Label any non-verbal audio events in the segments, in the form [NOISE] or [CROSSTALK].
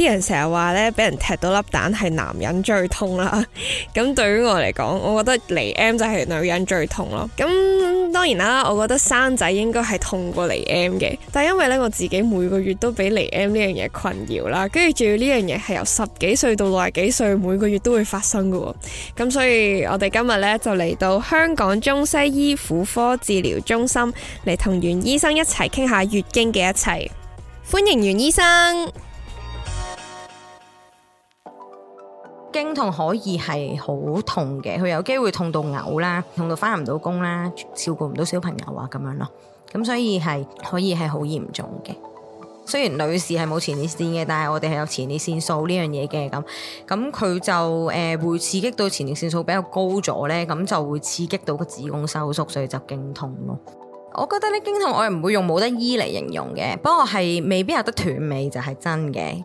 啲人成日話咧，俾人踢到粒蛋係男人最痛啦。咁 [LAUGHS] 對於我嚟講，我覺得嚟 M 就係女人最痛咯。咁當然啦，我覺得生仔應該係痛過嚟 M 嘅。但係因為咧，我自己每個月都俾嚟 M 呢樣嘢困擾啦，跟住仲要呢樣嘢係由十幾歲到六十幾歲每個月都會發生噶。咁所以，我哋今日咧就嚟到香港中西醫婦科治療中心嚟同袁醫生一齊傾下月經嘅一切。歡迎袁醫生。經痛可以係好痛嘅，佢有機會痛到嘔啦，痛到翻唔到工啦，照顧唔到小朋友啊咁樣咯。咁所以係可以係好嚴重嘅。雖然女士係冇前列腺嘅，但係我哋係有前列腺素呢樣嘢嘅。咁咁佢就誒、呃、會刺激到前列腺素比較高咗咧，咁就會刺激到個子宮收縮，所以就經痛咯。我覺得呢，經痛，我係唔會用冇得醫嚟形容嘅，不過係未必有得斷尾就係、是、真嘅。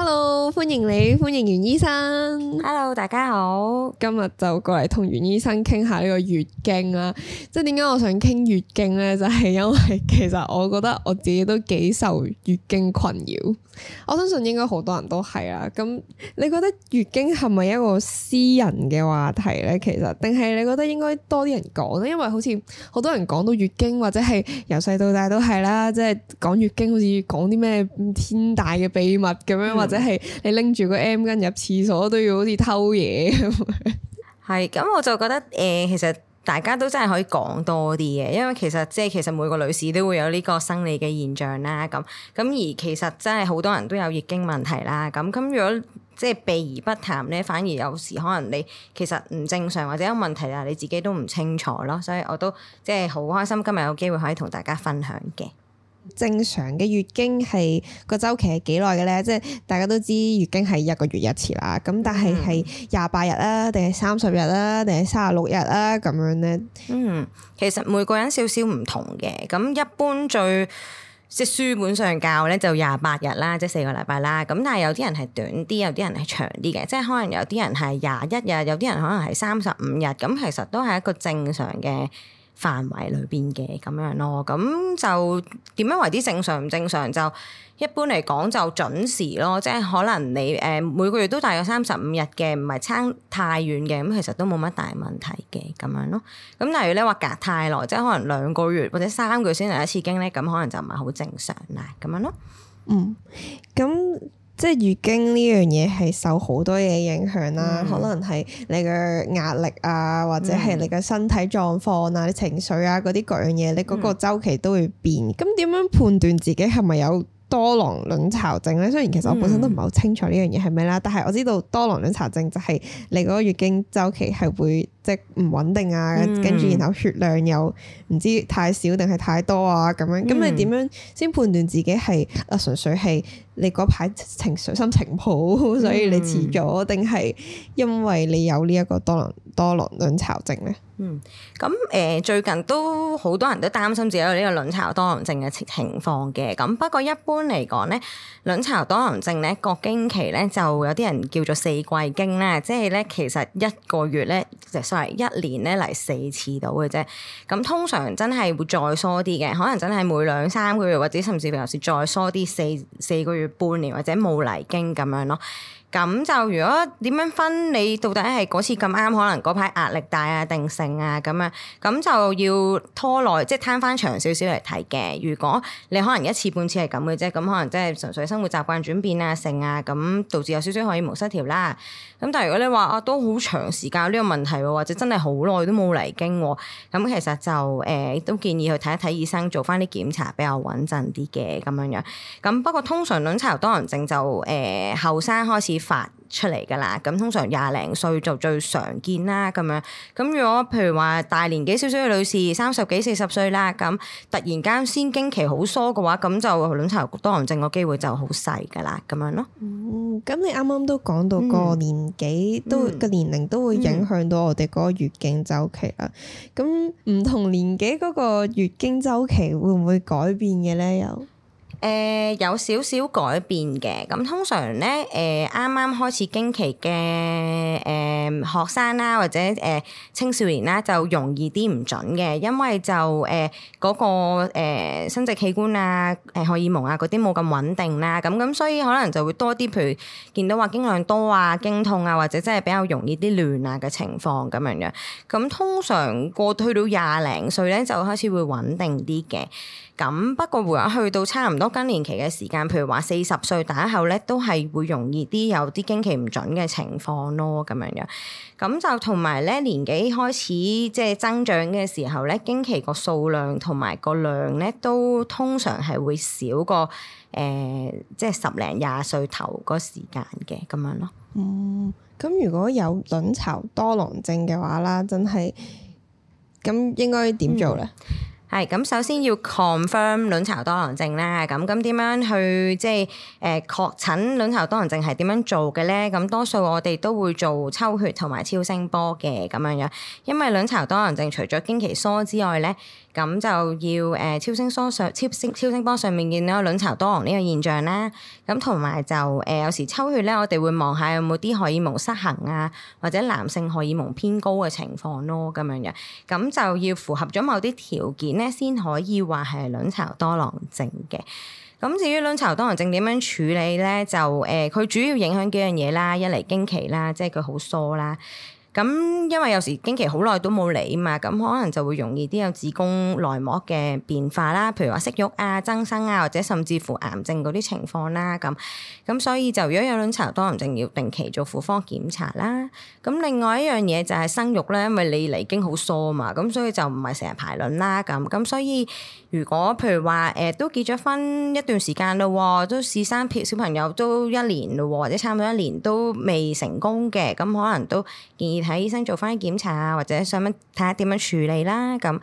Hello，歡迎你，歡迎袁醫生。Hello，大家好。今日就過嚟同袁醫生傾下呢個月經啦。即係點解我想傾月經呢？就係因為其實我覺得我自己都幾受月經困擾。我相信應該好多人都係啦。咁你覺得月經係咪一個私人嘅話題呢？其實定係你覺得應該多啲人講呢？因為好似好多人講到月經或者係由細到大都係啦。即係講月經好似講啲咩天大嘅秘密咁樣或。嗯或者係你拎住個 M 巾入廁所都要好似偷嘢咁，係咁我就覺得誒、呃，其實大家都真係可以講多啲嘅，因為其實即係其實每個女士都會有呢個生理嘅現象啦，咁咁而其實真係好多人都有月經問題啦，咁咁如果即係避而不談咧，反而有時可能你其實唔正常或者有問題呀，你自己都唔清楚咯，所以我都即係好開心今日有機會可以同大家分享嘅。正常嘅月經係個周期係幾耐嘅咧？即係大家都知月經係一個月一次啦。咁、嗯、但係係廿八日啊，定係三十日啊，定係三十六日啊咁樣咧？嗯，其實每個人少少唔同嘅。咁一般最即係書本上教咧就廿八日啦，即係四個禮拜啦。咁但係有啲人係短啲，有啲人係長啲嘅。即係可能有啲人係廿一日，有啲人可能係三十五日。咁其實都係一個正常嘅。範圍裏邊嘅咁樣咯，咁就點樣為之正常唔正常就？就一般嚟講就準時咯，即係可能你誒、呃、每個月都大約三十五日嘅，唔係差太遠嘅，咁其實都冇乜大問題嘅咁樣咯。咁例如你話隔太耐，即係可能兩個月或者三個月先嚟一次經咧，咁可能就唔係好正常啦，咁樣咯。嗯，咁。即係月經呢樣嘢係受好多嘢影響啦、啊，嗯、可能係你嘅壓力啊，或者係你嘅身體狀況啊、啲、嗯、情緒啊嗰啲，各樣嘢，你嗰個周期都會變。咁點、嗯、樣判斷自己係咪有多囊卵巢症咧？雖然其實我本身都唔係好清楚呢樣嘢係咩啦，嗯、但係我知道多囊卵巢症就係你嗰個月經周期係會即係唔穩定啊，跟住、嗯、然後血量又唔知太少定係太多啊咁樣。咁你點樣先判斷自己係啊？純粹係。你嗰排情緒心情好，所以你遲咗，定係、嗯、因為你有呢一個多囊多囊卵巢症咧？嗯，咁誒、呃、最近都好多人都擔心自己有呢個卵巢多囊症嘅情況嘅，咁不過一般嚟講咧，卵巢多囊症咧，個經期咧就有啲人叫做四季經咧，即係咧其實一個月咧，即係 sorry，一年咧嚟四次到嘅啫。咁通常真係會再疏啲嘅，可能真係每兩三個月或者甚至平時再疏啲四四個月。半年或者冇嚟經咁樣咯。咁就如果點樣分？你到底係嗰次咁啱，可能嗰排壓力大啊、定性啊咁樣，咁就要拖耐，即係攤翻長少少嚟睇嘅。如果你可能一次半次係咁嘅啫，咁可能即係純粹生活習慣轉變啊、性啊，咁導致有少少荷爾蒙失調啦。咁但係如果你話啊，都好長時間呢個問題喎，或者真係好耐都冇嚟經喎，咁其實就誒、呃、都建議去睇一睇醫生，做翻啲檢查比較穩陣啲嘅咁樣樣。咁不過通常卵巢多囊症就誒後生開始，發出嚟噶啦，咁通常廿零歲就最常見啦，咁樣。咁如果譬如話大年紀少少嘅女士，三十幾四十歲啦，咁突然間先經期好疏嘅話，咁就卵巢多囊症個機會就好細噶啦，咁樣咯。哦，咁你啱啱都講到個年紀都個年齡都會影響到我哋嗰個月經周期啦。咁唔、嗯、同年紀嗰個月經周期會唔會改變嘅咧？又？誒、呃、有少少改變嘅，咁通常咧誒啱啱開始經期嘅誒學生啦、啊，或者誒、呃、青少年啦、啊，就容易啲唔準嘅，因為就誒嗰、呃那個、呃、生殖器官啊、誒荷爾蒙啊嗰啲冇咁穩定啦、啊，咁咁所以可能就會多啲，譬如見到話經量多啊、經痛啊，或者真係比較容易啲亂啊嘅情況咁樣樣。咁通常過去到廿零歲咧，就開始會穩定啲嘅。咁不過如果去到差唔多更年期嘅時間，譬如話四十歲打後咧，都係會容易啲有啲經期唔準嘅情況咯，咁樣樣。咁就同埋咧年紀開始即係增長嘅時候咧，經期個數量同埋個量咧，都通常係會少過誒、呃，即係十零廿歲頭個時間嘅咁樣咯。嗯，咁如果有卵巢多囊症嘅話啦，真係咁應該點做咧？嗯係，咁首先要 confirm 卵巢多囊症啦，咁咁點樣去即係誒確診卵巢多囊症係點樣做嘅咧？咁多數我哋都會做抽血同埋超聲波嘅咁樣樣，因為卵巢多囊症除咗經期疏之外咧。咁就要誒、呃、超聲疏上超聲超聲波上面見到卵巢多囊呢個現象啦。咁同埋就誒、呃、有時抽血咧，我哋會望下有冇啲荷爾蒙失衡啊，或者男性荷爾蒙偏高嘅情況咯，咁樣樣，咁就要符合咗某啲條件咧，先可以話係卵巢多囊症嘅。咁至於卵巢多囊症點樣處理咧，就誒佢、呃、主要影響幾樣嘢啦，一嚟經期啦，即係佢好疏啦。咁因為有時經期好耐都冇嚟啊嘛，咁可能就會容易啲有子宮內膜嘅變化啦，譬如話息肉啊、增生啊，或者甚至乎癌症嗰啲情況啦，咁咁所以就如果有卵巢多囊症，要定期做婦科檢查啦。咁另外一樣嘢就係生育啦，因為你嚟經好疏啊嘛，咁所以就唔係成日排卵啦，咁咁所以如果譬如話誒、呃、都結咗婚一段時間嘞喎，都試生小朋友都一年嘞喎，或者差唔多一年都未成功嘅，咁可能都建議。睇醫生做翻啲檢查啊，或者想問睇下點樣處理啦咁。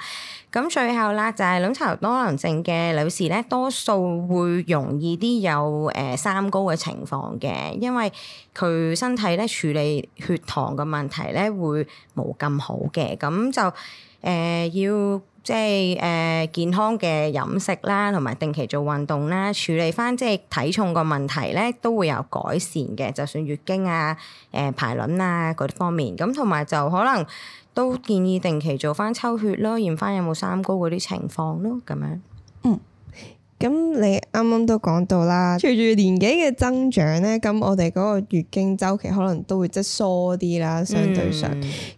咁最後啦，就係卵巢多囊症嘅女士咧，多數會容易啲有誒、呃、三高嘅情況嘅，因為佢身體咧處理血糖嘅問題咧會冇咁好嘅，咁就。誒、呃、要即係誒、呃、健康嘅飲食啦，同埋定期做運動啦，處理翻即係體重個問題咧，都會有改善嘅。就算月經啊、誒、呃、排卵啊嗰啲方面，咁同埋就可能都建議定期做翻抽血咯，驗翻有冇三高嗰啲情況咯，咁樣。咁你啱啱都講到啦，隨住年紀嘅增長咧，咁我哋嗰個月經周期可能都會即係疏啲啦，相對上。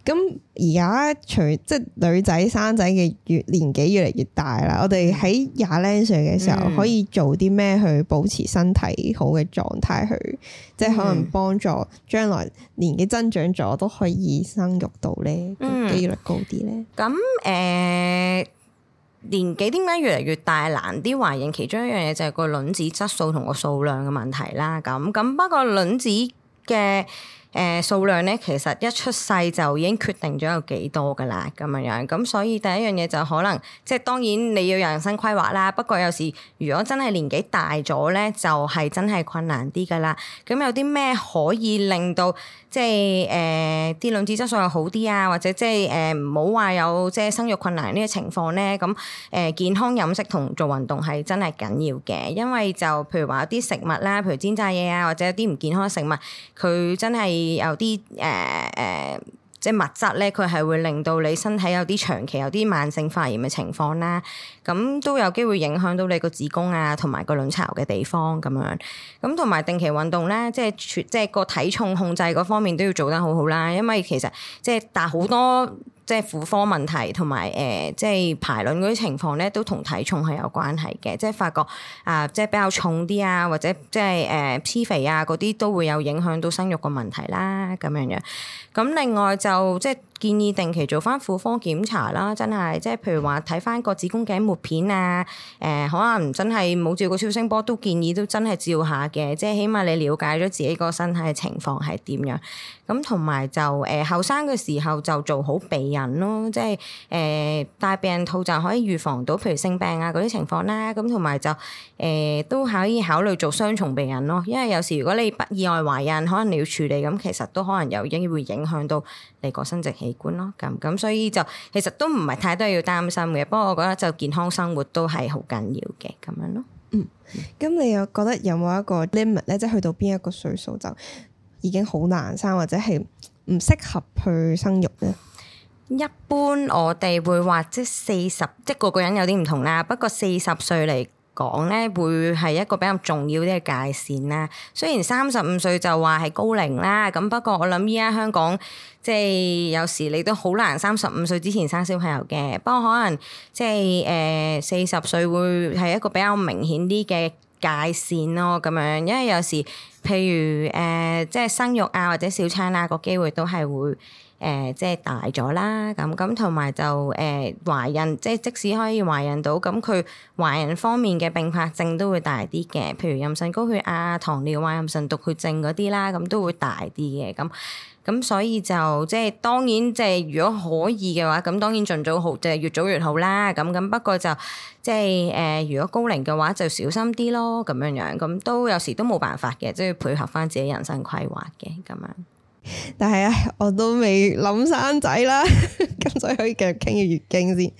咁而家除即係女仔生仔嘅越年紀越嚟越大啦，我哋喺廿零歲嘅時候、嗯、可以做啲咩去保持身體好嘅狀態，去、嗯、即係可能幫助將來年紀增長咗都可以生育到咧，幾率高啲咧。咁誒、呃年紀點解越嚟越大難啲懷孕？其中一樣嘢就係個卵子質素同個數量嘅問題啦。咁咁不過卵子嘅。誒、呃、數量咧，其實一出世就已經決定咗有幾多噶啦，咁樣樣咁，所以第一樣嘢就可能即係當然你要有人生規劃啦。不過有時如果真係年紀大咗咧，就係、是、真係困難啲噶啦。咁有啲咩可以令到即係誒啲卵子質素又好啲啊，或者即係唔好話有即係生育困難呢個情況咧？咁誒、呃、健康飲食同做運動係真係緊要嘅，因為就譬如話有啲食物啦，譬如煎炸嘢啊，或者有啲唔健康嘅食物，佢真係。有啲誒誒，即係物質咧，佢係會令到你身體有啲長期有啲慢性發炎嘅情況啦，咁都有機會影響到你個子宮啊，同埋個卵巢嘅地方咁樣，咁同埋定期運動咧，即係全即係個體重控制嗰方面都要做得好好啦，因為其實即係但好多。即係婦科問題同埋誒，即係排卵嗰啲情況咧，都同體重係有關係嘅。即係發覺啊、呃，即係比較重啲啊，或者即係誒黐肥啊嗰啲，都會有影響到生育個問題啦。咁樣樣，咁另外就即係。建議定期做翻婦科檢查啦，真係即係譬如話睇翻個子宮頸抹片啊。誒、呃，可能真係冇照過超聲波，都建議都真係照下嘅，即係起碼你了解咗自己個身體嘅情況係點樣。咁同埋就誒後生嘅時候就做好避孕咯，即係誒戴避孕套就可以預防到，譬如性病啊嗰啲情況啦。咁同埋就誒、呃、都可以考慮做雙重避孕咯，因為有時如果你不意外懷孕，可能你要處理，咁其實都可能有影會影響到。你個生殖器官咯，咁咁所以就其實都唔係太多要擔心嘅，不過我覺得就健康生活都係好緊要嘅，咁樣咯。嗯，咁、嗯、你又覺得有冇一個 limit 咧，即、就、係、是、去到邊一個歲數就已經好難生或者係唔適合去生育咧？一般我哋會話即四十，即係個個人有啲唔同啦。不過四十歲嚟。講咧會係一個比較重要啲嘅界線啦。雖然三十五歲就話係高齡啦，咁不過我諗依家香港即係有時你都好難三十五歲之前生小朋友嘅。不過可能即係誒四十歲會係一個比較明顯啲嘅界線咯。咁樣因為有時譬如誒、呃、即係生育啊或者小產啦、啊，個機會都係會，誒即係大咗啦，咁咁同埋就誒懷孕，即係、呃、即使可以懷孕到，咁佢懷孕方面嘅併發症都會大啲嘅，譬如妊娠高血壓、糖尿啊、妊娠毒血症嗰啲啦，咁都會大啲嘅，咁咁所以就即係當然即係如果可以嘅話，咁當然儘早好，即係越早越好啦，咁咁不過就即係誒、呃、如果高齡嘅話，就小心啲咯，咁樣樣，咁都有時都冇辦法嘅，即係配合返自己人生規劃嘅，咁樣。但係我都未諗生仔啦，咁 [LAUGHS] 所以可以繼續傾下月經先。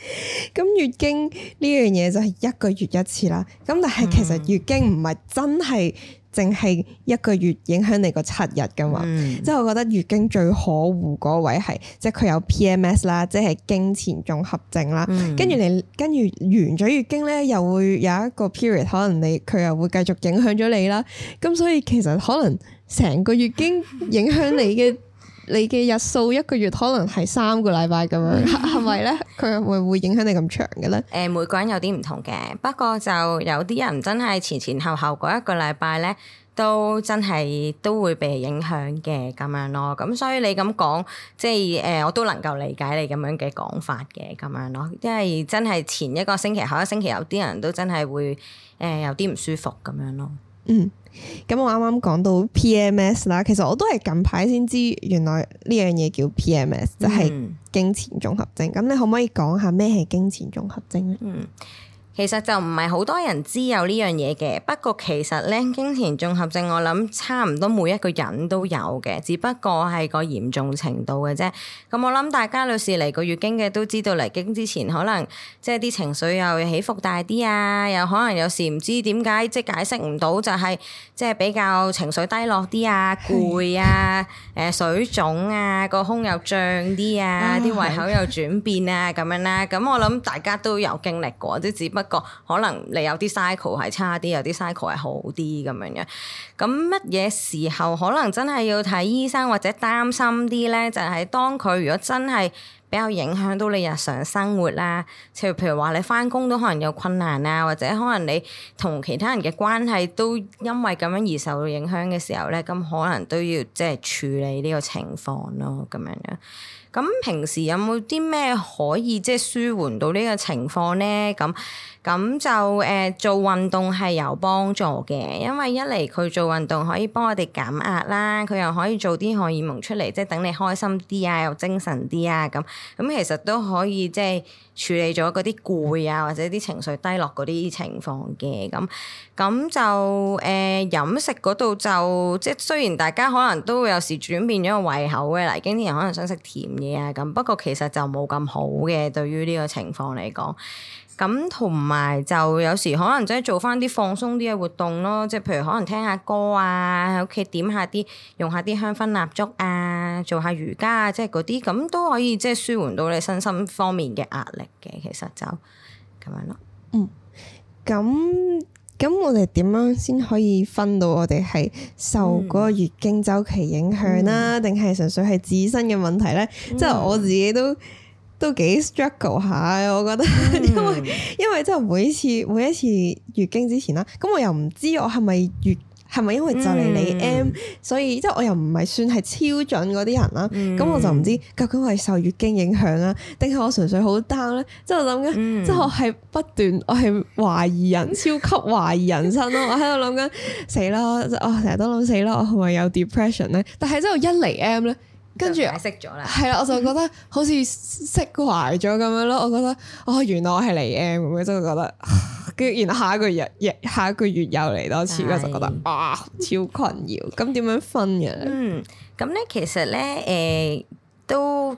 咁月經呢樣嘢就係一個月一次啦。咁但係其實月經唔係真係淨係一個月影響你個七日噶嘛。嗯、即係我覺得月經最可惡嗰位係，即係佢有 PMS 啦，即係經前綜合症啦。嗯、跟住你，跟住完咗月經咧，又會有一個 period，可能你佢又會繼續影響咗你啦。咁所以其實可能。成個月經影響你嘅 [LAUGHS] 你嘅日數，一個月可能係三個禮拜咁樣，係咪咧？佢會唔會影響你咁長嘅咧？誒、呃，每個人有啲唔同嘅，不過就有啲人真係前前後後嗰一個禮拜咧，都真係都會被影響嘅咁樣咯。咁所以你咁講，即係誒、呃，我都能夠理解你咁樣嘅講法嘅咁樣咯，因為真係前一個星期、後一星期有啲人都真係會誒、呃、有啲唔舒服咁樣咯。嗯，咁我啱啱講到 PMS 啦，其實我都係近排先知原來呢樣嘢叫 PMS，嗯、就係經前綜合症。咁你可唔可以講下咩係經前綜合症咧？嗯。其實就唔係好多人知有呢樣嘢嘅，不過其實咧經前綜合症，我諗差唔多每一個人都有嘅，只不過係個嚴重程度嘅啫。咁我諗大家女士嚟過月經嘅都知道嚟經之前可能即係啲情緒又起伏大啲啊，又可能有時唔知點解即係解釋唔到、就係，就係即係比較情緒低落啲啊、攰啊、誒水腫啊、個胸又脹啲啊、啲胃口又轉變啊咁樣啦、啊。咁我諗大家都有經歷過，即只不。個可能你有啲 cycle 係差啲，有啲 cycle 係好啲咁樣樣。咁乜嘢時候可能真係要睇醫生或者擔心啲咧？就係、是、當佢如果真係比較影響到你日常生活啦，即譬如話你翻工都可能有困難啊，或者可能你同其他人嘅關係都因為咁樣而受到影響嘅時候咧，咁可能都要即係處理呢個情況咯，咁樣樣。咁平時有冇啲咩可以即係舒緩到呢個情況咧？咁？咁就誒、呃、做運動係有幫助嘅，因為一嚟佢做運動可以幫我哋減壓啦，佢又可以做啲荷爾蒙出嚟，即係等你開心啲啊，又精神啲啊咁。咁其實都可以即係處理咗嗰啲攰啊，或者啲情緒低落嗰啲情況嘅。咁咁就誒、呃、飲食嗰度就即係雖然大家可能都有時轉變咗個胃口嘅，嚟經啲人可能想食甜嘢啊咁，不過其實就冇咁好嘅對於呢個情況嚟講。咁同埋就有時可能即係做翻啲放鬆啲嘅活動咯，即係譬如可能聽下歌啊，喺屋企點下啲，用下啲香薰蠟燭啊，做下瑜伽啊，即係嗰啲咁都可以即係舒緩到你身心方面嘅壓力嘅。其實就咁樣咯。嗯。咁咁我哋點樣先可以分到我哋係受嗰個月經周期影響啦、啊，定係、嗯、純粹係自身嘅問題咧？即係、嗯、我自己都。都幾 struggle 下，我覺得，因為因為真係每一次每一次月經之前啦，咁我又唔知我係咪月係咪因為就嚟嚟 M，所以即係我又唔係算係超準嗰啲人啦，咁我就唔知究竟我係受月經影響啦，定係我純粹好 down 咧？即係我諗緊，即係我係不斷我係懷疑人，超級懷疑人生咯，我喺度諗緊死啦，我成日都諗死啦，我係咪有 depression 咧？但係之後一嚟 M 咧。跟住，我識咗啦，係啦，我就覺得好似釋懷咗咁樣咯。嗯、我覺得，哦，原來我係嚟 M，咁樣真係覺得。跟住，然後下一個月，下一個月又嚟多次，是我就覺得啊，超困擾。咁點 [LAUGHS] 樣，樣分嘅？嗯，咁咧其實咧，誒、呃、都。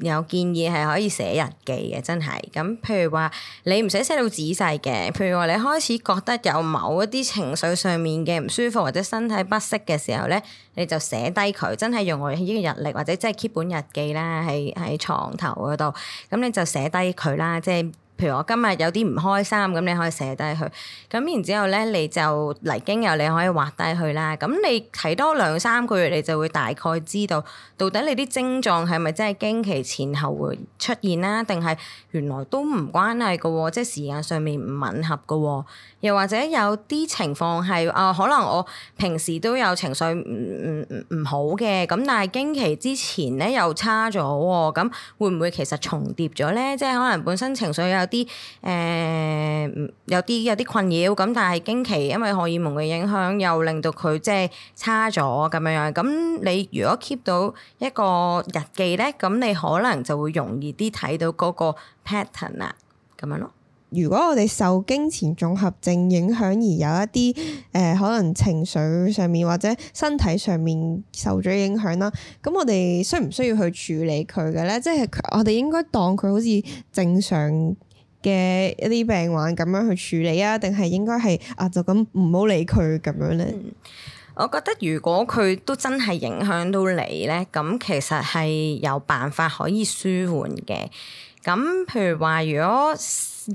有建議係可以寫日記嘅，真係咁。譬如話你唔使寫到仔細嘅，譬如話你開始覺得有某一啲情緒上面嘅唔舒服或者身體不適嘅時候咧，你就寫低佢，真係用我呢個日曆或者即係 keep 本日記啦，喺喺床頭嗰度，咁你就寫低佢啦，即係。譬如我今日有啲唔開心，咁你可以寫低佢。咁然之後咧，你就嚟經有你可以畫低佢啦。咁你睇多兩三個月，你就會大概知道到底你啲症狀係咪真係經期前後會出現啦，定係原來都唔關係嘅喎，即係時間上面唔吻合嘅喎。又或者有啲情況係啊，可能我平時都有情緒唔唔唔好嘅，咁但係經期之前咧又差咗喎，咁、哦、會唔會其實重疊咗咧？即係可能本身情緒有。啲誒有啲、呃、有啲困擾，咁，但係經期因為荷爾蒙嘅影響，又令到佢即係差咗咁樣樣。咁你如果 keep 到一個日記咧，咁你可能就會容易啲睇到嗰個 pattern 啦，咁樣咯。如果我哋受經前綜合症影響而有一啲誒、呃，可能情緒上面或者身體上面受咗影響啦，咁我哋需唔需要去處理佢嘅咧？即係我哋應該當佢好似正常嘅一啲病患咁樣去處理啊，定係應該係啊，就咁唔好理佢咁樣咧、嗯？我覺得如果佢都真係影響到你咧，咁其實係有辦法可以舒緩嘅。咁譬如話，如果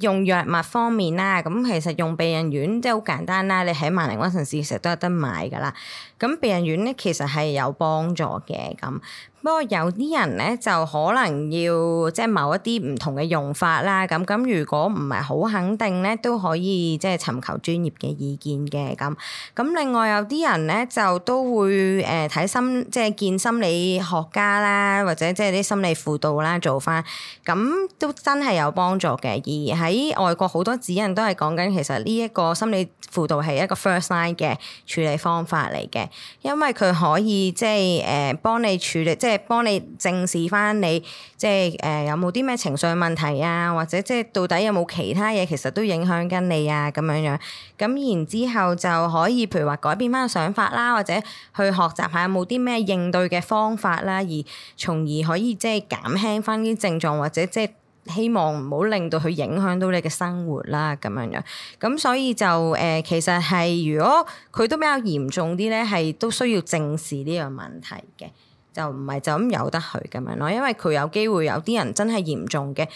用藥物方面啦，咁其實用避孕丸即係好簡單啦，你喺萬寧屈臣氏成日都有得買噶啦。咁避孕丸咧其實係有幫助嘅咁。不過有啲人咧就可能要即係某一啲唔同嘅用法啦，咁咁如果唔係好肯定咧，都可以即係尋求專業嘅意見嘅咁。咁另外有啲人咧就都會誒睇、呃、心即係見心理學家啦，或者即係啲心理輔導啦做返，咁都真係有幫助嘅。而喺外國好多指引都係講緊其實呢一個心理輔導係一個 first line 嘅處理方法嚟嘅，因為佢可以即係誒、呃、幫你處理即係。幫你正視翻你，即係誒、呃、有冇啲咩情緒問題啊，或者即係到底有冇其他嘢其實都影響緊你啊咁樣樣。咁然之後就可以，譬如話改變翻個想法啦，或者去學習下有冇啲咩應對嘅方法啦，而從而可以即係減輕翻啲症狀，或者即係希望唔好令到佢影響到你嘅生活啦咁樣樣。咁所以就誒、呃，其實係如果佢都比較嚴重啲咧，係都需要正視呢樣問題嘅。就唔係就咁由得佢咁樣咯，因為佢有機會有啲人真係嚴重嘅，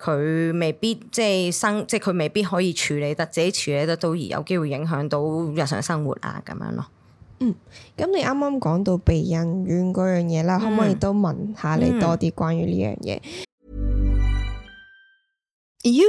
佢未必即係生，即係佢未必可以處理得自己處理得到，而有機會影響到日常生活啊咁樣咯。嗯，咁你啱啱講到避孕丸嗰樣嘢啦，嗯、可唔可以都問下你多啲關於呢樣嘢？嗯 you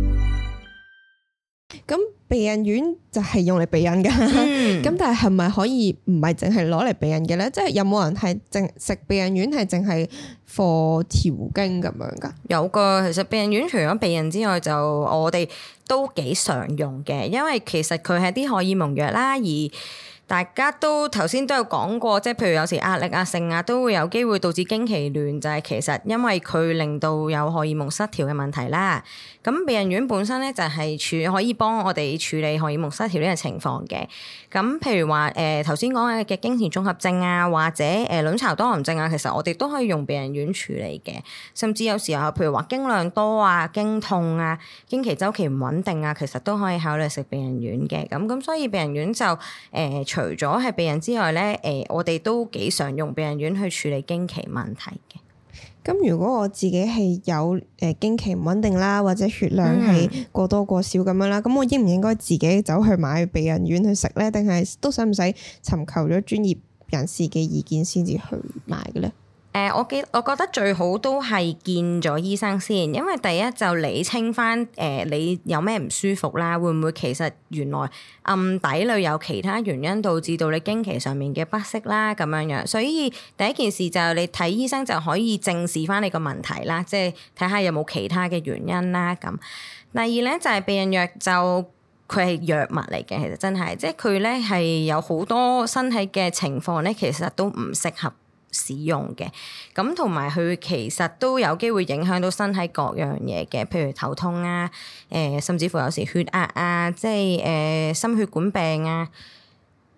咁避孕丸就係用嚟避孕噶，咁、嗯、但係係咪可以唔係淨係攞嚟避孕嘅咧？即係有冇人係淨食避孕丸係淨係 for 調經咁樣噶？有個，其實避孕丸除咗避孕之外，就我哋都幾常用嘅，因為其實佢係啲荷爾蒙藥啦，而。大家都頭先都有講過，即係譬如有時壓力啊、性啊，都會有機會導致經期亂，就係、是、其實因為佢令到有荷爾蒙失調嘅問題啦。咁避孕丸本身咧就係處可以幫我哋處理荷爾蒙失調呢個情況嘅。咁譬如話誒頭先講嘅嘅經前綜合症啊，或者誒、呃、卵巢多囊症啊，其實我哋都可以用避孕丸處理嘅。甚至有時候譬如話經量多啊、經痛啊、經期周期唔穩定啊，其實都可以考慮食避孕丸嘅。咁咁所以避孕丸就誒、呃除咗係避孕之外咧，誒、呃，我哋都幾常用避孕丸去處理經期問題嘅。咁如果我自己係有誒經期唔穩定啦，或者血量係過多過少咁樣啦，咁、嗯、我應唔應該自己走去買避孕丸去食咧？定係都使唔使尋求咗專業人士嘅意見先至去買嘅咧？誒、呃，我記，我覺得最好都係見咗醫生先，因為第一就理清翻，誒、呃，你有咩唔舒服啦，會唔會其實原來暗底裏有其他原因導致到你經期上面嘅不適啦，咁樣樣。所以第一件事，就你睇醫生就可以正視翻你個問題啦，即係睇下有冇其他嘅原因啦。咁第二咧就係避孕藥，就佢係藥物嚟嘅，其實真係，即係佢咧係有好多身體嘅情況咧，其實都唔適合使用嘅，咁同埋佢其實都有機會影響到身體各樣嘢嘅，譬如頭痛啊，誒、呃，甚至乎有時血壓啊，即係誒、呃、心血管病啊。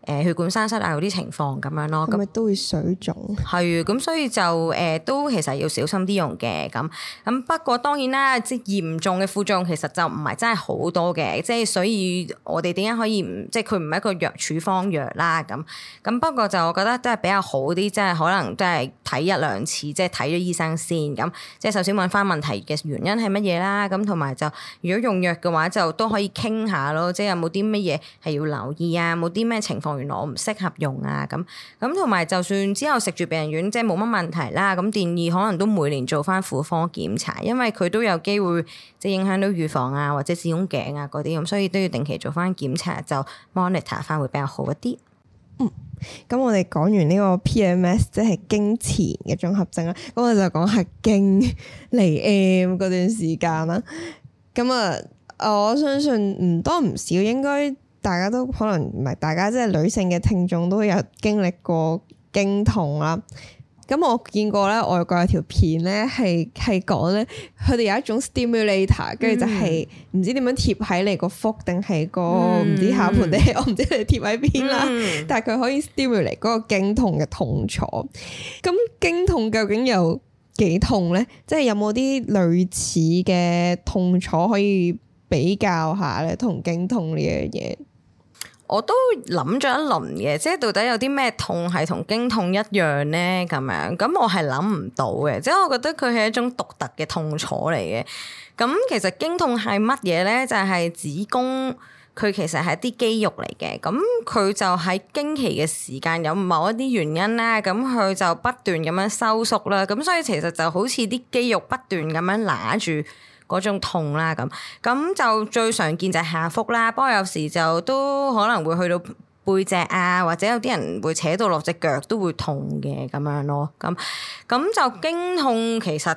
誒血管栓塞啊，嗰啲情況咁樣咯，咁咪都會水腫。係，咁所以就誒都、呃、其實要小心啲用嘅，咁咁不過當然啦，即係嚴重嘅副作用其實就唔係真係好多嘅，即係所以我哋點解可以即係佢唔係一個藥處方藥啦，咁咁不過就我覺得都係比較好啲，即係可能都係睇一兩次，即係睇咗醫生先咁，即係首先揾翻問題嘅原因係乜嘢啦，咁同埋就如果用藥嘅話就都可以傾下咯，即係有冇啲乜嘢係要留意啊，冇啲咩情況。原來我唔適合用啊，咁咁同埋就算之後食住病人丸，即係冇乜問題啦。咁建議可能都每年做翻婦科檢查，因為佢都有機會即係影響到預防啊，或者子宮頸啊嗰啲咁，所以都要定期做翻檢查，就 monitor 翻會比較好一啲。嗯，咁我哋講完呢個 PMS，即係經前嘅綜合症啦，咁我就講下經嚟 M 嗰段時間啦。咁啊，我相信唔多唔少應該。大家都可能唔係，大家即係女性嘅聽眾都有經歷過經痛啦、啊。咁我見過咧，外國有條片咧係係講咧，佢哋有一種 stimulator，跟住、嗯、就係、是、唔知點樣貼喺你個腹、那個腹定係個唔知下盤定係我唔知你貼喺邊啦。嗯、但係佢可以 stimulate 嗰個經痛嘅痛楚。咁經痛究竟有幾痛咧？即係有冇啲類似嘅痛楚可以比較下咧，同經痛呢樣嘢？我都諗咗一輪嘅，即係到底有啲咩痛係同經痛一樣呢？咁樣，咁我係諗唔到嘅，即係我覺得佢係一種獨特嘅痛楚嚟嘅。咁其實經痛係乜嘢呢？就係子宮佢其實係啲肌肉嚟嘅，咁佢就喺經期嘅時間有某一啲原因啦，咁佢就不斷咁樣收縮啦，咁所以其實就好似啲肌肉不斷咁樣揦住。嗰種痛啦，咁咁就最常見就係下腹啦，不過有時就都可能會去到背脊啊，或者有啲人會扯到落隻腳都會痛嘅，咁樣咯，咁咁就經痛其實。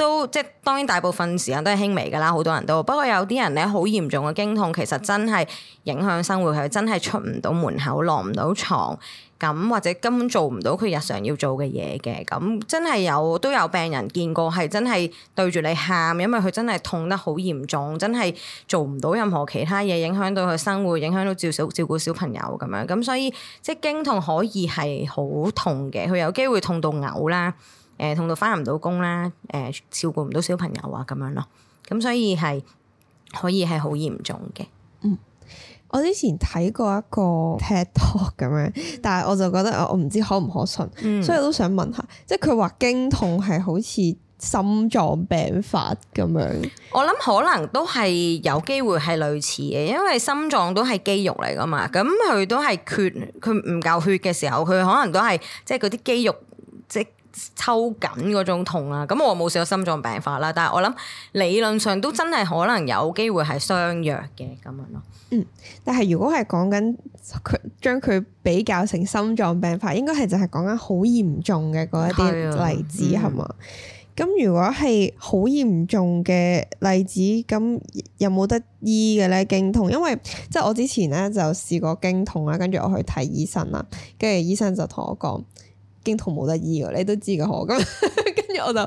都即係當然，大部分時間都係輕微㗎啦，好多人都不過有啲人咧好嚴重嘅經痛，其實真係影響生活，佢真係出唔到門口，落唔到床，咁或者根本做唔到佢日常要做嘅嘢嘅。咁真係有都有病人見過係真係對住你喊，因為佢真係痛得好嚴重，真係做唔到任何其他嘢，影響到佢生活，影響到照小照顧小朋友咁樣。咁所以即係經痛可以係好痛嘅，佢有機會痛到嘔啦。誒，痛、呃、到翻唔到工啦，誒、呃，照顧唔到小朋友啊，咁樣咯，咁所以係可以係好嚴重嘅。嗯，我之前睇過一個 TED Talk 咁樣，但係我就覺得我唔知可唔可信，所以都想問下，嗯、即係佢話經痛係好似心臟病發咁樣，我諗可能都係有機會係類似嘅，因為心臟都係肌肉嚟噶嘛咁佢都係缺，佢唔夠血嘅時候，佢可能都係即係嗰啲肌肉即。抽筋嗰種痛啊，咁我冇試過心臟病發啦，但係我諗理論上都真係可能有機會係相若嘅咁樣咯。嗯，但係如果係講緊佢將佢比較成心臟病發，應該係就係講緊好嚴重嘅嗰一啲例子係嘛？咁如果係好嚴重嘅例子，咁、啊嗯、有冇得醫嘅咧？經痛，因為即係我之前咧就試過經痛啊，跟住我去睇醫生啦，跟住醫生就同我講。經痛冇得醫嘅，你都知㗎嗬。咁跟住我就，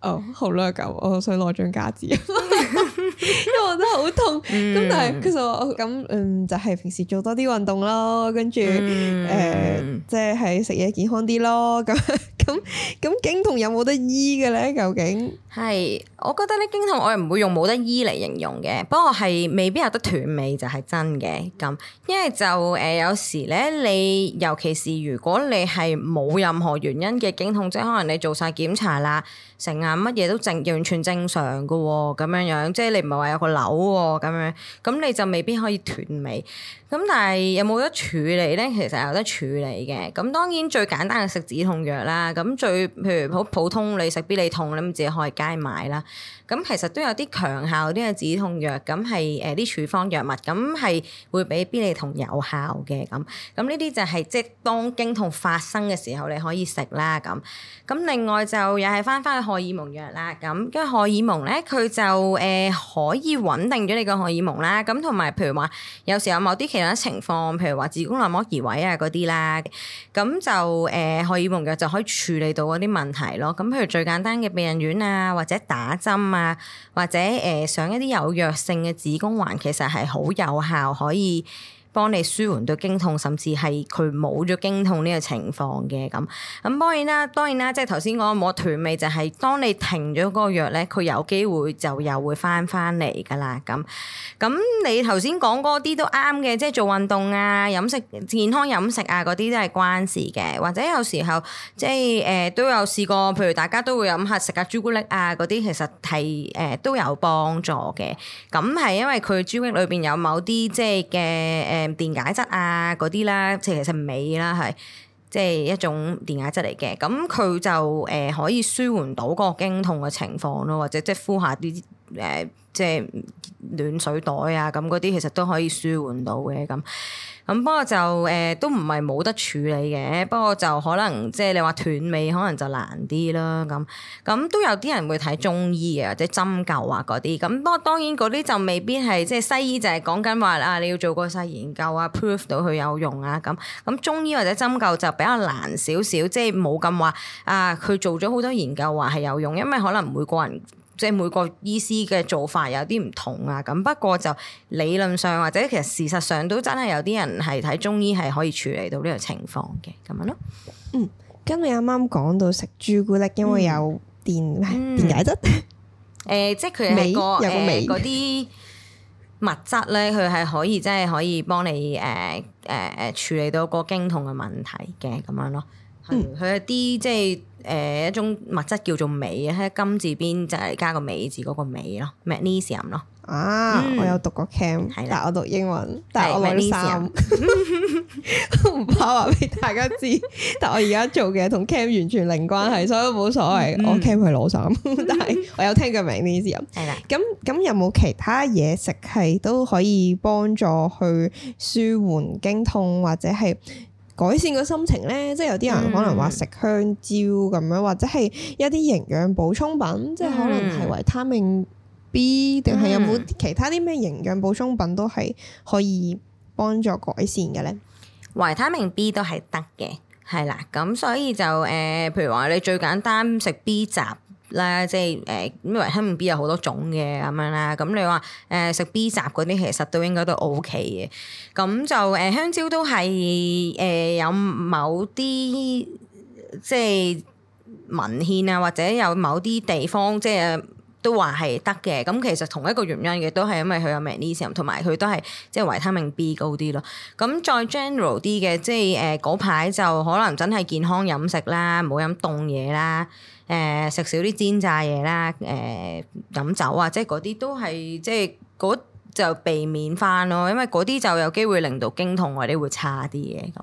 哦好啦咁，我想攞張假紙， [LAUGHS] 因為我覺得好痛。咁 [LAUGHS] 但係其實我咁嗯就係、是、平時做多啲運動咯，跟住誒即係食嘢健康啲咯。咁咁咁經痛有冇得醫嘅咧？究竟？係，我覺得啲經痛我又唔會用冇得醫嚟形容嘅。不過係未必有得斷尾就係、是、真嘅咁，因為就誒有時咧，你尤其是如果你係冇任何原因嘅經痛，即係可能你做晒檢查啦，成啊乜嘢都正完全正常嘅喎，咁樣樣，即係你唔係話有個瘤喎，咁樣，咁你就未必可以斷尾。咁但係有冇得處理咧？其實有得處理嘅。咁當然最簡單嘅食止痛藥啦。咁最譬如好普通，你食必理痛，你咪自己去街買啦。咁其實都有啲強效啲嘅止痛藥，咁係誒啲處方藥物，咁係會比必理痛有效嘅。咁咁呢啲就係、是、即當經痛發生嘅時候你可以食啦。咁咁另外就又係翻翻去荷爾蒙藥啦。咁因為荷爾蒙咧，佢就誒、呃、可以穩定咗你個荷爾蒙啦。咁同埋譬如話有時候有某啲。有情況，譬如話子宮內膜移位啊嗰啲啦，咁就誒，荷爾蒙藥就可以處理到嗰啲問題咯。咁譬如最簡單嘅避孕丸啊，或者打針啊，或者誒上、呃、一啲有藥性嘅子宮環，其實係好有效可以。幫你舒緩到經痛，甚至係佢冇咗經痛呢個情況嘅咁。咁當然啦，當然啦，即係頭先講冇斷尾就係當你停咗嗰個藥咧，佢有機會就又會翻翻嚟噶啦咁。咁你頭先講嗰啲都啱嘅，即係做運動啊、飲食健康飲食啊嗰啲都係關事嘅。或者有時候即係誒、呃、都有試過，譬如大家都會飲下食下朱古力啊嗰啲，其實係誒、呃、都有幫助嘅。咁係因為佢朱古力裏邊有某啲即係嘅誒。呃誒電解質啊，嗰啲啦，即係其實鎂啦，係即係一種電解質嚟嘅，咁佢就誒、呃、可以舒緩到個經痛嘅情況咯，或者即係敷下啲。誒、呃，即係暖水袋啊，咁嗰啲其實都可以舒緩到嘅，咁咁不過就誒、呃，都唔係冇得處理嘅。不過就可能即係你話斷尾，可能就難啲啦。咁咁都有啲人會睇中醫啊，或者針灸啊嗰啲。咁不過當然嗰啲就未必係即係西醫就係講緊話啊，你要做過晒研究啊，prove 到佢有用啊咁。咁中醫或者針灸就比較難少少，即係冇咁話啊，佢做咗好多研究話係有用，因為可能每個人。即係每個醫師嘅做法有啲唔同啊，咁不過就理論上或者其實事實上都真係有啲人係睇中醫係可以處理到呢個情況嘅咁樣咯。嗯，跟住啱啱講到食朱古力，因為有電、嗯、電解質？誒、嗯呃，即係佢係個誒嗰啲物質咧，佢係可以即係可以幫你誒誒誒處理到個經痛嘅問題嘅咁樣咯。佢一啲即係。嗯誒，一種物質叫做鎂，喺金字邊就係加個鎂字嗰個鎂咯，magnesium 咯。嗯、啊，我有讀過 cam，了但我讀英文，的但係我攞三，都唔怕話俾大家知。 [LAUGHS] 但我而家做嘅同 cam 完全零關係，所以冇所謂。嗯、我 cam 係攞三， [LAUGHS] 但係我有聽過、M、magnesium 的。係啦、嗯，咁咁有冇其他嘢食係都可以幫助去舒緩經痛或者係？改善個心情咧？即係有啲人可能話食香蕉咁樣、嗯，或者係一啲營養補充品，嗯、即係可能係維他命 B，定係有冇其他啲咩營養補充品都係可以幫助改善嘅咧？嗯嗯、維他命 B 都係得嘅，係啦，咁所以就誒、呃，譬如話你最簡單食 B 雜。啦，即係誒、呃、維他命 B 有好多種嘅咁樣啦，咁你話誒食 B 雜嗰啲其實都應該都 O K 嘅，咁就誒、呃、香蕉都係誒、呃、有某啲即係文獻啊，或者有某啲地方即係都話係得嘅，咁其實同一個原因嘅，都係因為佢有 magnesium 同埋佢都係即係維他命 B 高啲咯。咁再 general 啲嘅，即係誒嗰排就可能真係健康飲食啦，冇飲凍嘢啦。誒食、呃、少啲煎炸嘢啦，誒、呃、飲酒啊，即係嗰啲都係即係嗰就避免翻咯，因為嗰啲就有機會令到經痛或者會差啲嘅咁。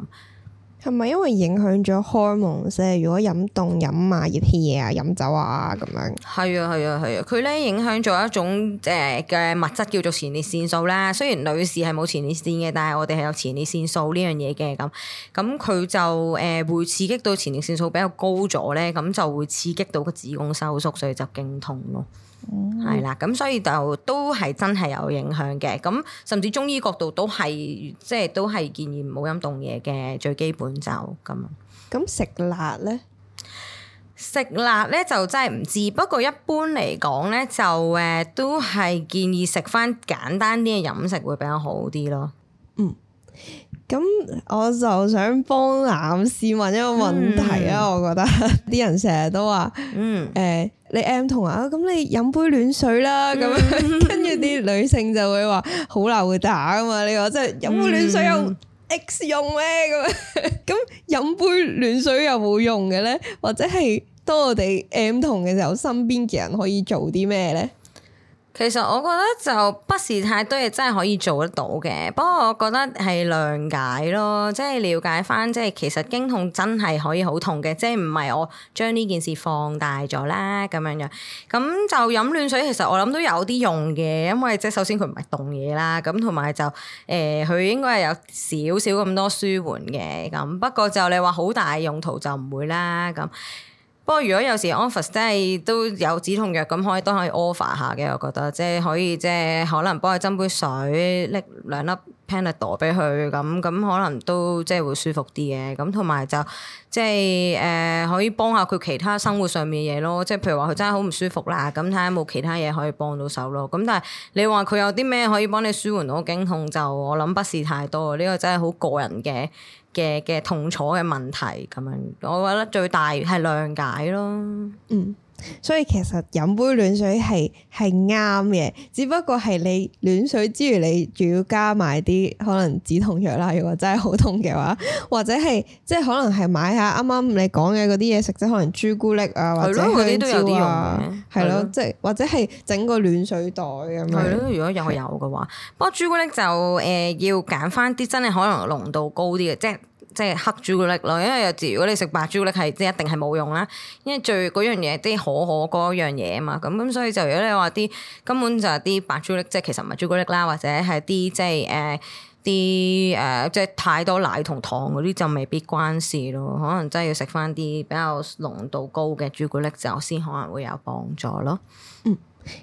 係咪因為影響咗荷爾蒙即係？如果飲凍飲啊熱氣嘢啊飲酒啊咁樣，係啊係啊係啊，佢咧影響咗一種誒嘅、呃、物質叫做前列腺素啦。雖然女士係冇前列腺嘅，但係我哋係有前列腺素呢樣嘢嘅咁。咁佢就誒、呃、會刺激到前列腺素比較高咗咧，咁就會刺激到個子宮收縮，所以就經痛咯。係啦，咁、嗯、所以就都係真係有影響嘅，咁甚至中醫角度都係，即係都係建議唔好飲凍嘢嘅，最基本就咁。咁食、嗯、辣咧？食辣咧就真係唔知，不過一般嚟講咧就誒、呃，都係建議食翻簡單啲嘅飲食會比較好啲咯。嗯，咁我就想幫男士問一個問題啊，我覺得啲人成日都話，嗯，誒。 [LAUGHS] 嗯嗯你 M 痛啊，咁你飲杯暖水啦，咁樣跟住啲女性就會話好難會打噶嘛？你話真係飲杯暖水又 X 用咩？咁樣咁飲杯暖水又冇用嘅咧？或者係當我哋 M 痛嘅時候，身邊嘅人可以做啲咩咧？其實我覺得就不是太多嘢真係可以做得到嘅，不過我覺得係諒解咯，即係了解翻，即係其實經痛真係可以好痛嘅，即係唔係我將呢件事放大咗啦咁樣樣。咁就飲暖水，其實我諗都有啲用嘅，因為即係首先佢唔係凍嘢啦，咁同埋就誒佢、呃、應該係有少少咁多舒緩嘅。咁不過就你話好大嘅用途就唔會啦咁。不過，如果有時 office 真係都有止痛藥咁，可以都可以 offer 下嘅。我覺得即係可以即係可能幫佢斟杯水，拎兩粒 panadol 俾佢咁咁，可能都即係會舒服啲嘅。咁同埋就即係誒、呃、可以幫下佢其他生活上面嘅嘢咯。即係譬如話佢真係好唔舒服啦，咁睇下冇其他嘢可以幫到手咯。咁但係你話佢有啲咩可以幫你舒緩到經痛，就我諗不是太多。呢、呢個真係好個人嘅。嘅嘅痛楚嘅問題，咁樣，我覺得最大係諒解咯。嗯。所以其實飲杯暖水係係啱嘅，只不過係你暖水之餘，你仲要加埋啲可能止痛藥啦，如果真係好痛嘅話，或者係即係可能係買下啱啱你講嘅嗰啲嘢食，即可能朱古力啊，係咯的，嗰啲、啊、都有啲用，係咯的，即係或者係整個暖水袋咁樣，係咯的的，如果如果有嘅話，不過朱古力就誒、呃、要揀翻啲真係可能濃度高啲嘅啫。即即係黑朱古力咯，因為有時如果你食白朱古力係即係一定係冇用啦，因為最嗰樣嘢即係可可嗰樣嘢啊嘛，咁咁所以就如果你話啲根本就係啲白朱古力，即係其實唔係朱古力啦，或者係啲、呃呃、即係誒啲誒即係太多奶同糖嗰啲就未必關事咯，可能真係要食返啲比較濃度高嘅朱古力就先可能會有幫助咯。嗯，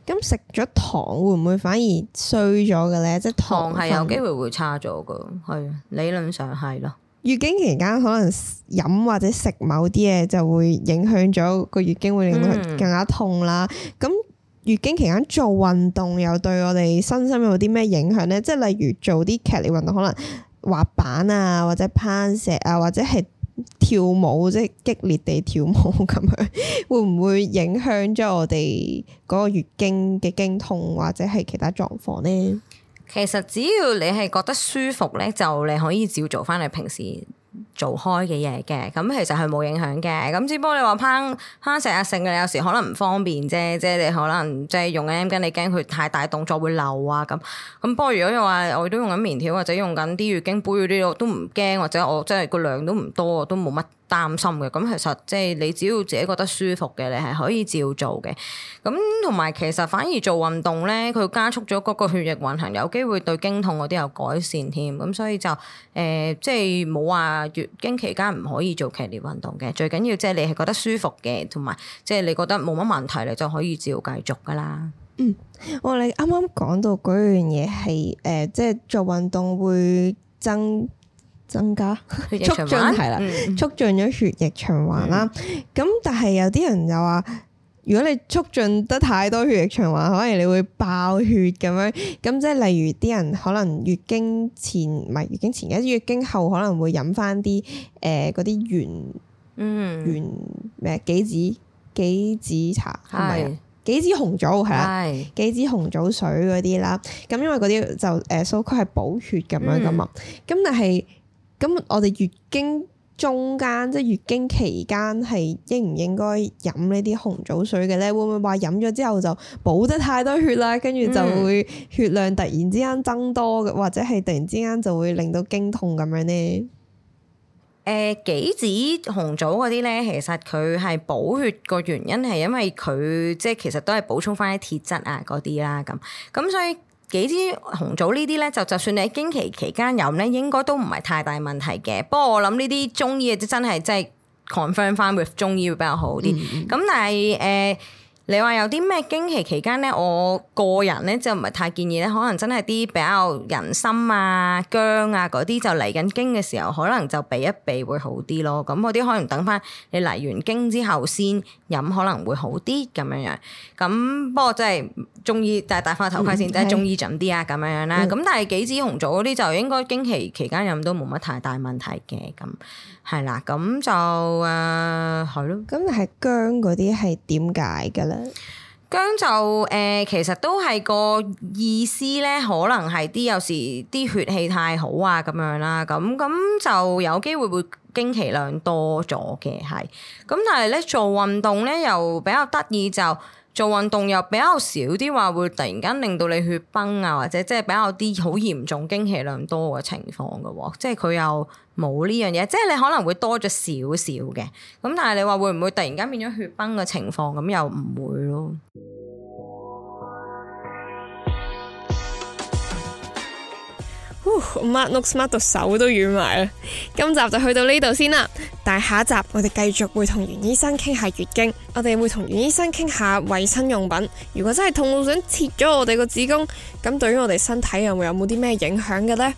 咁食咗糖會唔會反而衰咗嘅咧？即係糖係有機會會差咗㗎，係理論上係咯。月經期間可能飲或者食某啲嘢，就會影響咗個月經，會令到佢更加痛啦。咁、嗯、月經期間做運動又對我哋身心有啲咩影響咧？即係例如做啲劇烈運動，可能滑板啊，或者攀石啊，或者係跳舞，即係激烈地跳舞咁樣，會唔會影響咗我哋嗰個月經嘅經痛，或者係其他狀況咧？其實只要你係覺得舒服咧，就你可以照做翻你平時做開嘅嘢嘅，咁其實係冇影響嘅。咁只不過你話攀攀石啊剩嘅，你有時可能唔方便啫。即係你可能即係用緊 M 巾，你驚佢太大動作會漏啊咁。咁不過如果你話我都用緊棉條或者用緊啲月經杯嗰啲，我都唔驚或者我即係個量都唔多，都冇乜擔心嘅，咁其實即係你只要自己覺得舒服嘅，你係可以照做嘅。咁同埋其實反而做運動咧，佢加速咗嗰個血液運行，有機會對經痛嗰啲有改善添。咁所以就誒，即係冇話月經期間唔可以做劇烈運動嘅。最緊要即係你係覺得舒服嘅，同埋即係你覺得冇乜問題，你就可以照繼續㗎啦。嗯，我你啱啱講到嗰樣嘢係誒，即係做運動會增。增加、促進係啦，促進咗血液循環啦。咁但係有啲人就話，如果你促進得太多血液循環，可能你會爆血咁樣。咁即係例如啲人可能月經前唔係月經前嘅，月經後可能會飲翻啲誒嗰啲原，嗯原咩，杞子，杞子茶，係咪杞子紅棗？係啦，杞子紅棗水嗰啲啦。咁因為嗰啲就誒蘇區係補血咁樣噶嘛。咁但係。咁我哋月經中間，即係月經期間，係應唔應該飲呢啲紅棗水嘅咧？會唔會話飲咗之後就補得太多血啦？跟住就會血量突然之間增多，嗯、或者係突然之間就會令到經痛咁樣咧？誒、呃、杞子紅棗嗰啲咧，其實佢係補血個原因係因為佢即係其實都係補充翻啲鐵質啊嗰啲啦，咁咁所以。幾支紅棗呢啲咧，就就算你喺經期期間飲咧，應該都唔係太大問題嘅。不過我諗呢啲中醫嘅真係即係 confirm 翻 with 中醫會比較好啲。咁、嗯嗯、但係誒。呃你話有啲咩經期期間咧，我個人咧就唔係太建議咧，可能真係啲比較人參啊、薑啊嗰啲就嚟緊經嘅時候，可能就避一避會好啲咯。咁嗰啲可能等返你嚟完經之後先飲可能會好啲咁樣樣。咁不過真係中醫，但係大，大塊頭盔先真係中醫準啲啊，咁樣樣啦。咁、嗯、但係杞子紅棗嗰啲就應該經期期間飲都冇乜太大問題嘅咁。係啦，咁就誒，係、呃、咯。咁係姜嗰啲係點解嘅咧？姜就誒、呃，其實都係個意思咧，可能係啲有時啲血氣太好啊，咁樣啦。咁咁就有機會會經期量多咗嘅，係。咁但係咧做運動咧又比較得意就。做運動又比較少啲話，會突然間令到你血崩啊，或者即係比較啲好嚴重經血量多嘅情況嘅，即係佢又冇呢樣嘢，即係你可能會多咗少少嘅，咁但係你話會唔會突然間變咗血崩嘅情況，咁又唔會咯。我 m a r 到手都軟埋啦！今集就去到呢度先啦。但係下一集我哋繼續會同袁醫生傾下月經，我哋會同袁醫生傾下衛生用品。如果真係痛到想切咗我哋個子宮，咁對於我哋身體又會有冇啲咩影響嘅呢？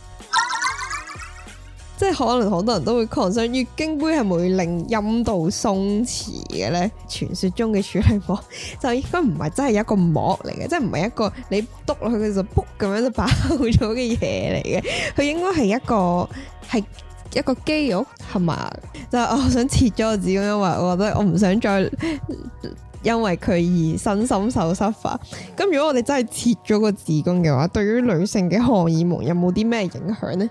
即係可能好多人都會抗 o n f i r m 月經杯係會令陰道鬆弛嘅咧，傳說中嘅處理膜 [LAUGHS] 就應該唔係真係一個膜嚟嘅，即係唔係一個你篤落去佢就卜咁樣就爆咗嘅嘢嚟嘅，佢應該係一個係一個肌肉係嘛？就是，我想切咗個子宮，因為我覺得我唔想再因為佢而身心受侵犯。咁如果我哋真係切咗個子宮嘅話，對於女性嘅荷爾蒙有冇啲咩影響呢？